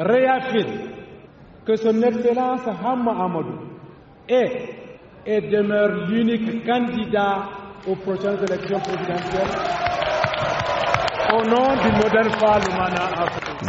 réaffirme que son Excellence Hamma Amadou est et demeure l'unique candidat aux prochaines élections présidentielles du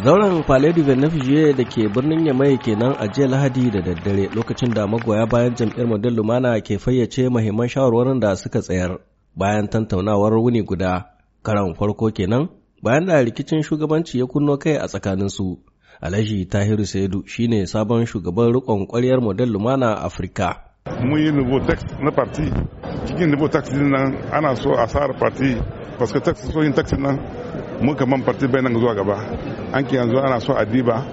zauren da ke birnin yamai kenan a jiya lahadi da daddare lokacin da magoya bayan jam'iyyar model lumana ke fayyace mahimman shawarwarin da suka tsayar bayan tantaunawar wuni guda karan farko kenan bayan da rikicin shugabanci ya kunno kai a tsakaninsu Alhaji Tahiru Saidu shine sabon shugaban rikon kwaryar model Lumana Afrika. Mun yi nubo tax na parti, cikin nubo tax nan ana so a sa'ar parti, paske tax so yin tax nan mun kaman parti bai nan zuwa gaba. An ki yanzu ana so a diba,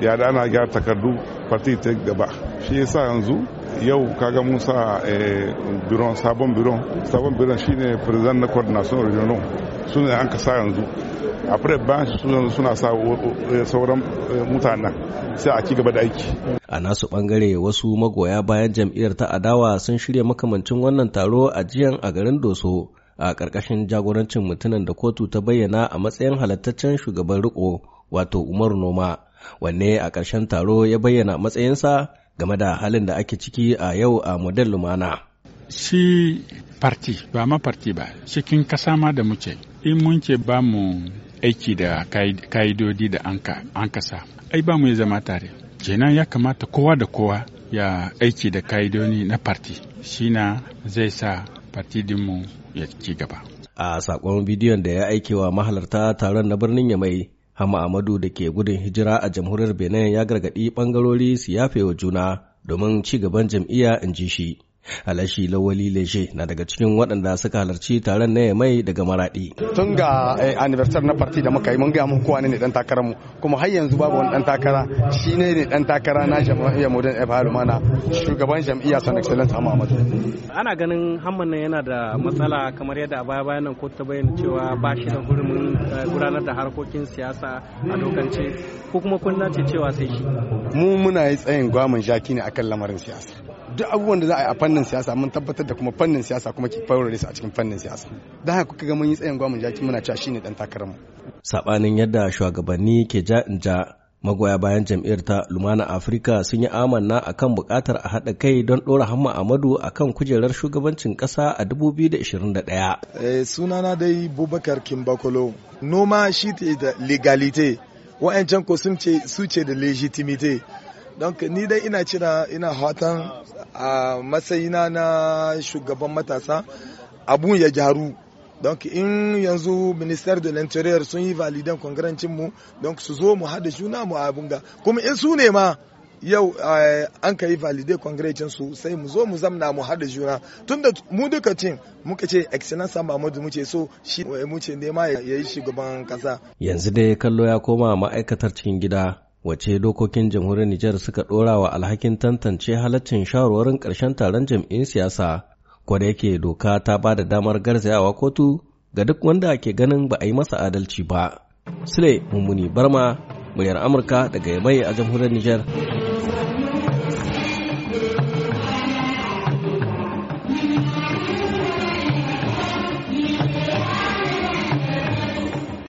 ya da ana gyara takardu parti ta gaba. Shi yasa yanzu yau kaga mun sa eh, biron sabon biron, sabon biron shine president na coordination regional. su ne an ka sa yanzu a bayan su suna sa eh, sauran eh, mutanen sai a ci gaba da aiki a nasu bangare wasu magoya bayan jam'iyyar ta adawa sun shirya makamancin wannan taro a jiyan a garin doso a ƙarƙashin jagorancin mutumin da kotu ta bayyana a matsayin halattaccen shugaban riko wato umaru noma wanne a ƙarshen taro ya bayyana matsayinsa game da halin da ake ciki a yau a model lumana shi parti ba ma parti ba cikin kasa da muke in mun ce ba mu aiki da ka'idodi da an kasa ai ba mu ya zama tare kenan ya kamata kowa da kowa ya aiki da ka'idodi na parti shina zai sa farti dinmu ya ci gaba a sakon bidiyon da ya aike wa mahalarta taron na birnin yamai hama amadu da ke gudun hijira a jamhuriyar benin ya gargaɗi bangarori su yafe wa juna domin ci gaban jam'iyya in ji shi Alashi Lawali Leje na daga cikin waɗanda suka halarci taron na mai daga Maraɗi. Tun ga eh, anniversary na party da muka yi mun gaya muku kowa ne dan takara mu kuma har yanzu babu wani dan takara shi ne ne dan takara na jam'iyyar Modern Efa shugaban jam'iyya San Excellence Ahmad Ana ganin Hamman yana da matsala kamar yadda a baya bayan nan ko ta bayyana cewa ba shi da hurumin eh, gudanar da harkokin siyasa a dokance ko kuma kunna ce cewa sai shi mu muna yi tsayin gwamin jaki ne akan lamarin siyasa duk abubuwan da za a yi a fannin siyasa mun tabbatar da kuma fannin siyasa kuma ke faurare su a cikin fannin siyasa don haka kuka ga mun yi tsayin gwamin jaki muna cewa shine dan takarar mu sabanin yadda shugabanni ke ja ja magoya bayan jam'iyyar ta lumana afirka sun yi amanna a kan bukatar a haɗa kai don ɗora hamma amadu kan kujerar shugabancin ƙasa a 2021 eh, sunana dai bubakar kimbakolo noma shi da legalite wa'ancan ko sun ce su ce da legitimite don ni dai ina cira ina hatan a matsayina na shugaban matasa abun ya gyaru donc in yanzu minister de l'intérieur sun yi validan kongarancin mu su zo mu hada juna mu a abunga kuma in su ne ma yau eh, an ka yi valide congressin su sai mu zo mu zamna mu hada juna da mu duka cin muka ce excellence Muhammadu muke so shi muke nema ya yi shugaban kasa yanzu dai kallo ya koma ma'aikatar cikin gida wace dokokin jamhuriyar Nijar suka dora wa alhakin tantance halaccin shawarwarin karshen taron jam'in siyasa kwada yake doka ta ba da damar garzayawa kotu ga duk wanda ke ganin ba a yi masa adalci ba. Sule Mummuni Barma, muryar Amurka daga Yamai a jamhuriyar Nijar.